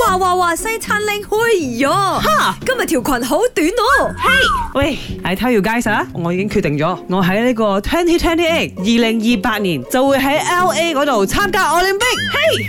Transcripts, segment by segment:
哇哇哇西餐領，哎呀，哈！今日條裙好短哦。嘿，喂，I tell you guys，我已經決定咗，我喺呢個 twenty twenty eight 二零二八年就會喺 L A 嗰度參加奧林匹克。嘿，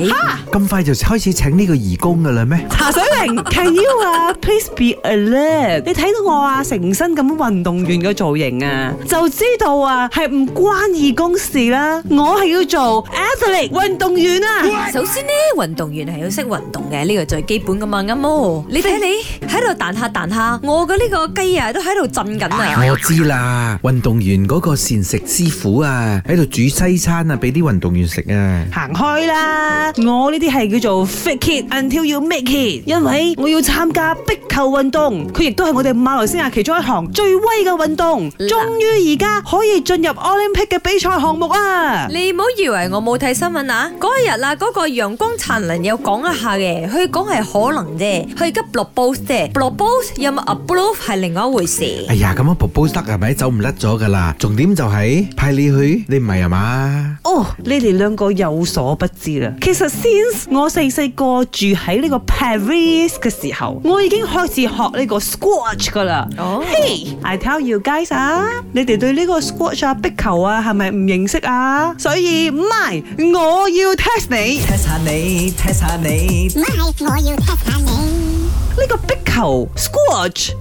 喂，哈！咁快就開始請呢個義工噶啦咩？茶水榮，can you 啊？Please be alert。你睇到我啊，成身咁運動員嘅造型啊，就知道啊係唔關義工事啦。我係要做 athletic 運動員啊。首先呢，運動員係要識運。運動嘅呢、這個最基本噶嘛，阿、嗯、m、哦、你睇你喺度彈下彈下，我嘅呢個雞啊都喺度震緊啊！啊我知啦，運動員嗰個膳食師傅啊喺度煮西餐啊，俾啲運動員食啊！行開啦，我呢啲係叫做 fake it until you make it，因為我要參加壁球運動，佢亦都係我哋馬來西亞其中一項最威嘅運動，終於而家可以進入 Olympic 嘅比賽項目啊！你唔好以為我冇睇新聞啊，嗰日啊，嗰、那個陽光燦爛又講一下。佢講係可能啫，去急落 boost 啫，落 boost 有冇 uploaf 係另外一回事。哎呀，咁樣落 boost 得係咪？走唔甩咗㗎啦！重點就係派你去，你唔係啊嘛？你哋兩個有所不知啦，其實 since 我細細個住喺呢個 Paris 嘅時候，我已經開始學呢個 squash 噶啦。Oh，Hey，I tell you guys 啊，你哋對呢個 squash 啊、壁球啊係咪唔認識啊？所以 my 我要 test 你，test 下你，test 下你，my 我要 test 下你呢個壁球 squash。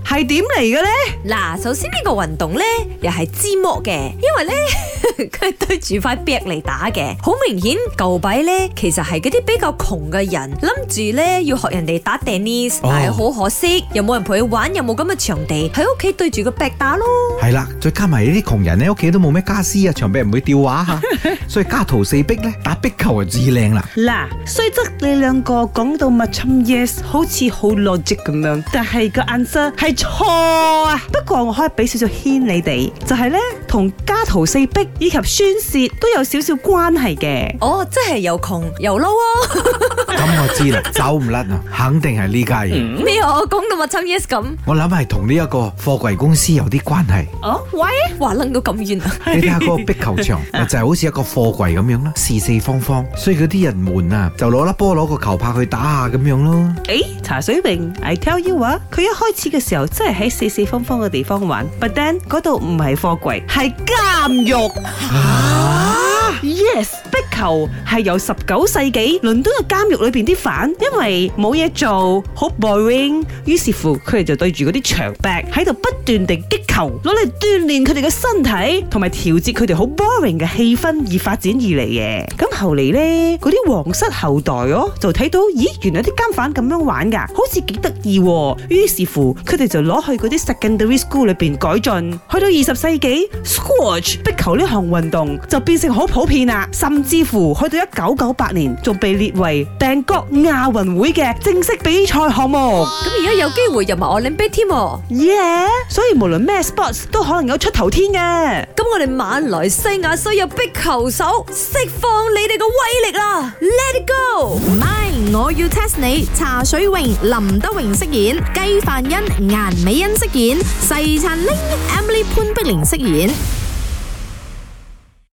係點嚟嘅咧？嗱，首先，這個，運呢個運動咧又係寂寞嘅，因為咧佢對住塊壁嚟打嘅，好明顯舊擺咧其實係嗰啲比較窮嘅人諗住咧要學人哋打 tennis，、哦、但係好可惜又冇人陪佢玩，又冇咁嘅場地喺屋企對住個壁打咯。係啦，再加埋呢啲窮人咧屋企都冇咩家私啊，牆壁唔會掉畫吓，所以家徒四壁咧打壁球就至靚啦。嗱，雖則你兩個講到 m、yes, 好似好邏輯咁樣，但係，那個實係錯啊，不過我可以俾少少牽你哋，就係咧同家徒四壁以及宣洩都有少少關係嘅。哦、oh,，即係又窮又撈啊！咁 我知啦，走唔甩啊，肯定係呢家嘢。咩、嗯、我講到我親 yes 咁，我諗係同呢一個貨櫃公司有啲關係。哦喂、oh?，話楞到咁遠啊！ 你睇下嗰個壁球場，就係好似一個貨櫃咁樣咯，四四方方，所以嗰啲人們啊，就攞粒波攞個球拍去打下咁樣咯。誒、哎，茶水榮，I tell you 啊，佢一開。開始嘅時候真係喺四四方方嘅地方玩，But then 嗰度唔係貨櫃，係監獄。吓？Yes，壁球係由十九世紀倫敦嘅監獄裏面啲犯，因為冇嘢做，好 boring，於是乎佢哋就對住嗰啲牆壁喺度不斷地擊球，攞嚟鍛煉佢哋嘅身體，同埋調節佢哋好 boring 嘅氣氛而發展而嚟嘅。咁後嚟呢，嗰啲皇室後代哦，就睇到咦，原來啲監犯咁樣玩㗎，好似幾得意喎。於是乎佢哋就攞去嗰啲 secondary school 裏面改進。去到二十世紀，squash 壁球呢項運動就變成好普遍。片啦，甚至乎去到一九九八年，仲被列為第九亞運會嘅正式比賽項目。咁而家有機會入埋奧林匹克添喎，yeah！所以無論咩 sports 都可能有出頭天嘅。咁我哋馬來西亞需要壁球手釋放你哋嘅威力啦，Let it go！My，我要 test 你。茶水榮、林德榮飾演，雞飯恩、顏美恩飾演，細陳玲、Emily 潘碧玲飾演。